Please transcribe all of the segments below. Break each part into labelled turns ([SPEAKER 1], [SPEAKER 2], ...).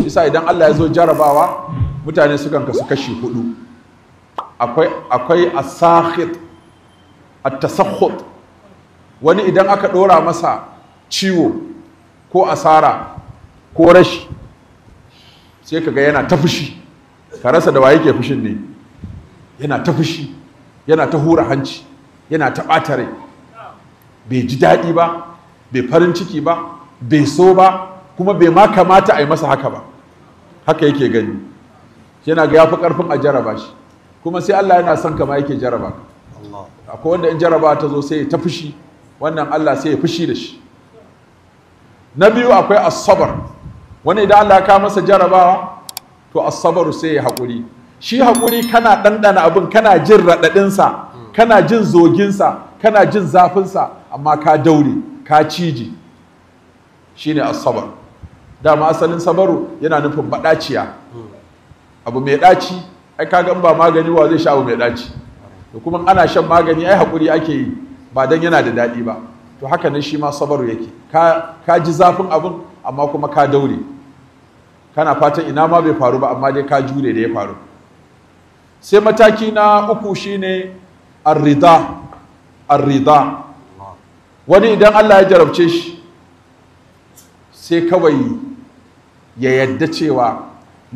[SPEAKER 1] Yasa idan Allah ya zo jarabawa mutane sukan kasu kashi hudu akwai a a at wani idan aka dora masa ciwo ko asara ko rashi sai ka ga yana ta fushi ka rasa da waye ke fushin ne yana ta fushi yana ta hura hanci yana ta ɓatare. bai ji daɗi ba bai farin ciki ba bai so ba kuma bai ma kamata a yi masa haka ba haka yake gani yana ga ya fi karfin a jaraba shi kuma sai Allah yana son kama yake jaraba akwai wanda in jaraba ta zo sai ta fushi wannan Allah sai ya fushi da shi na biyu akwai asabar wani idan Allah ya masa jarabawa to Asabar sai ya haƙuri shi haƙuri kana ɗanɗana abin kana jin raɗaɗinsa hmm. kana jin zoginsa kana jin zafinsa amma ka daure ka ciji shine asabar dama asalin sabaru yana nufin baɗaciya abu mai ɗaci ai ka gan ba magani wa zai sha abu mai ɗaci da kuma ana shan magani ai haƙuri ake yi ba dan yana da daɗi ba to haka nan shi ma sabaru yake ka, ji zafin abin amma kuma ka daure kana fatan ina ma bai faru ba amma dai ka jure da ya faru sai mataki na uku shine arrida arrida wani idan Allah ya jarabce shi sai kawai ya yadda cewa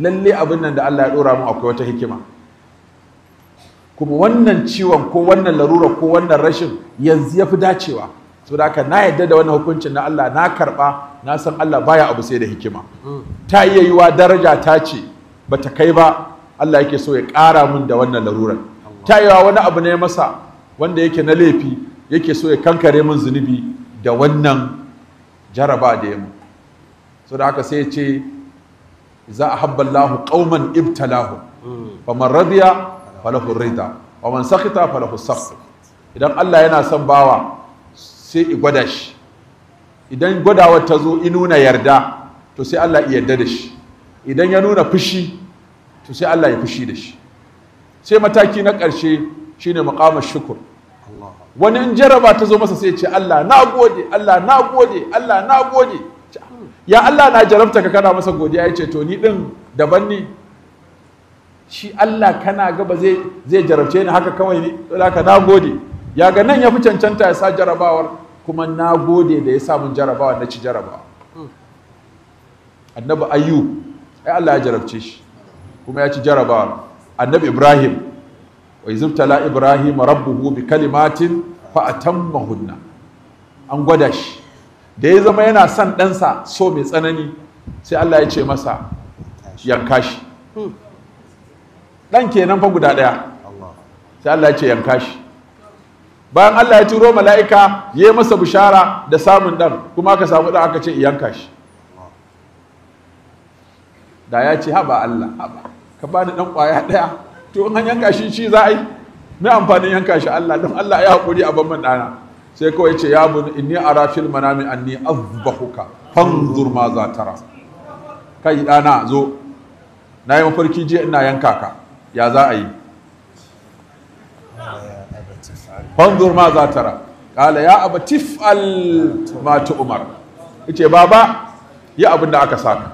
[SPEAKER 1] lalle abin nan da Allah ya dora mu akwai wata hikima kuma wannan ciwon ko wannan larura ko wannan rashin yanzu ya fi dacewa saboda haka na yadda da wannan hukuncin na Allah na karba na san Allah baya abu sai da hikima mm. ta iya yiwa daraja ta ce bata kai ba Allah yake so ya kara mun da wannan larurar ta yiwa wani abu ne masa wanda yake na laifi yake so ya kankare mun zunubi da wannan jaraba da ya so da aka sai ce za a habba ƙauman ibta lahu. faman radiya falahu rida faman sakhita falahu sakh idan Allah yana son bawa sai i gwada shi idan gwadawar ta zo i nuna yarda to sai Allah i yarda da shi idan ya nuna fushi to sai Allah ya fushi da shi sai mataki na ƙarshe shine maqamar shukur wani in jaraba ta zo masa sai ce Allah na gode Allah na gode Allah na gode ya Allah na jarabta ka kana masa godiya ya ce to ni din daban ni shi Allah kana ga ba zai zai jarabce ni haka kawai ne haka na gode ya ga nan ya fi cancanta ya sa jarabawar kuma na da ya sa mun jarabawa na ci jarabawa annabi ayyub ai Allah ya jarabce shi kuma ya ci jarabawa annabi ibrahim wa izibtala ibrahim rabbuhu bi kalimatin fa atammahunna an gwada shi da ya zama yana son ɗansa so mai tsanani sai Allah ya ce masa yanka shi ɗan kenan fa guda ɗaya sai Allah ya ce yanka shi bayan Allah ya turo mala'ika ya yi masa bishara da samun ɗan kuma aka samu ɗan aka ce yanka shi da ya ce haba Allah haba ka bani ɗan ƙwaya ɗaya to in an yanka shi shi za a yi na amfanin yanka shi Allah don Allah ya haƙuri a ban ɗana sai kawai ce ya bu inni ara fil manami anni azbahuka fanzur ma za tara kai dana zo na yi mafarki jiya ina yanka ka ya za a yi fanzur ma za tara kala ya aba tif'al mata umar ba baba yi abin da aka saka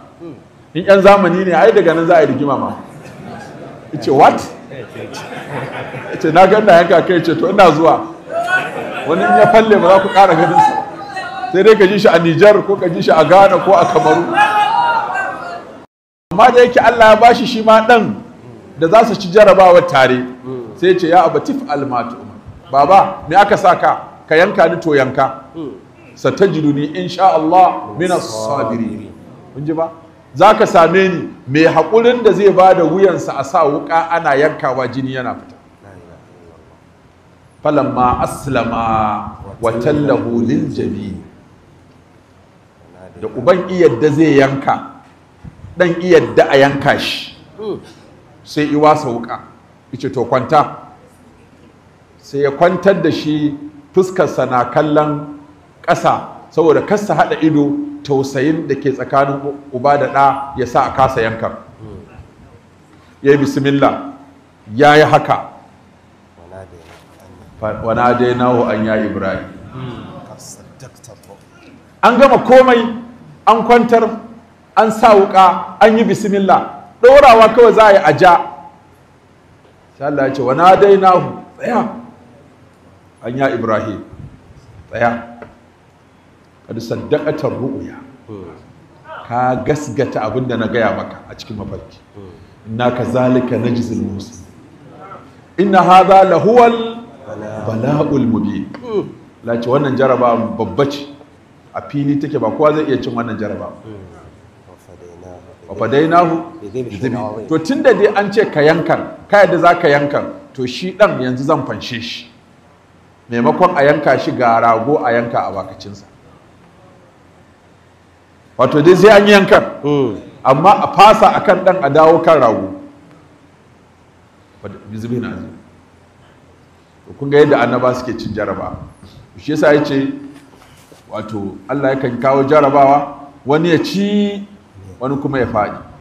[SPEAKER 1] in yan zamani ne ai daga nan za a yi rigima ma yace what ce na ga ina yanka kai ce to ina zuwa wani in ya falle ba za ku kara ganin sa sai dai ka ji shi a Nijar ko ka ji shi a Ghana ko a Kamaru amma da yake Allah ya bashi shi ma dan da za su ci jarabawa tare sai ce ya abatif almatu baba me aka saka ka yanka ni to yanka satajiduni insha Allah min as-sabirin kun ji ba zaka same ni mai haƙurin da zai ba da wuyansa a sa wuƙa ana yankawa jini yana fita Falan ma aslama wa tallahu lil Jami. da uban iyadda zai yanka dan iyadda a yanka shi sai iwa sauka ice to kwanta sai ya kwantar da shi fuskarsa na kallon ƙasa saboda kasa haɗa ido tausayin da ke tsakanin uba da ɗa ya sa a kasa yankan ya yi bismillah ya yi haka wana dai nawo an ya ibrahim an gama komai an kwantar an sa wuka an yi bismillah ɗorawa kawai za a yi a ja shalla ce wana dai nahu tsaya an ya ibrahim tsaya kadu saddakatar ru'uya. ka gasgata abinda na gaya maka a cikin mafarki zalika na jizil musa inna haza lahuwal bala'ul mubi lati wannan jaraba babba ce a fili take ba kowa zai iya cin wannan jaraba wafadainahu to tun da dai an ce ka yankan ka yadda za ka yankan to shi dan yanzu zan fanshe shi maimakon a yanka shi ga rago a yanka a bakacinsa wato dai sai an yankan amma a fasa akan dan a dawo kan rago kun ga yadda annaba suke cin jaraba shi yasa ya ce wato Allah yakan kawo jarabawa wani ya ci wani kuma ya faɗi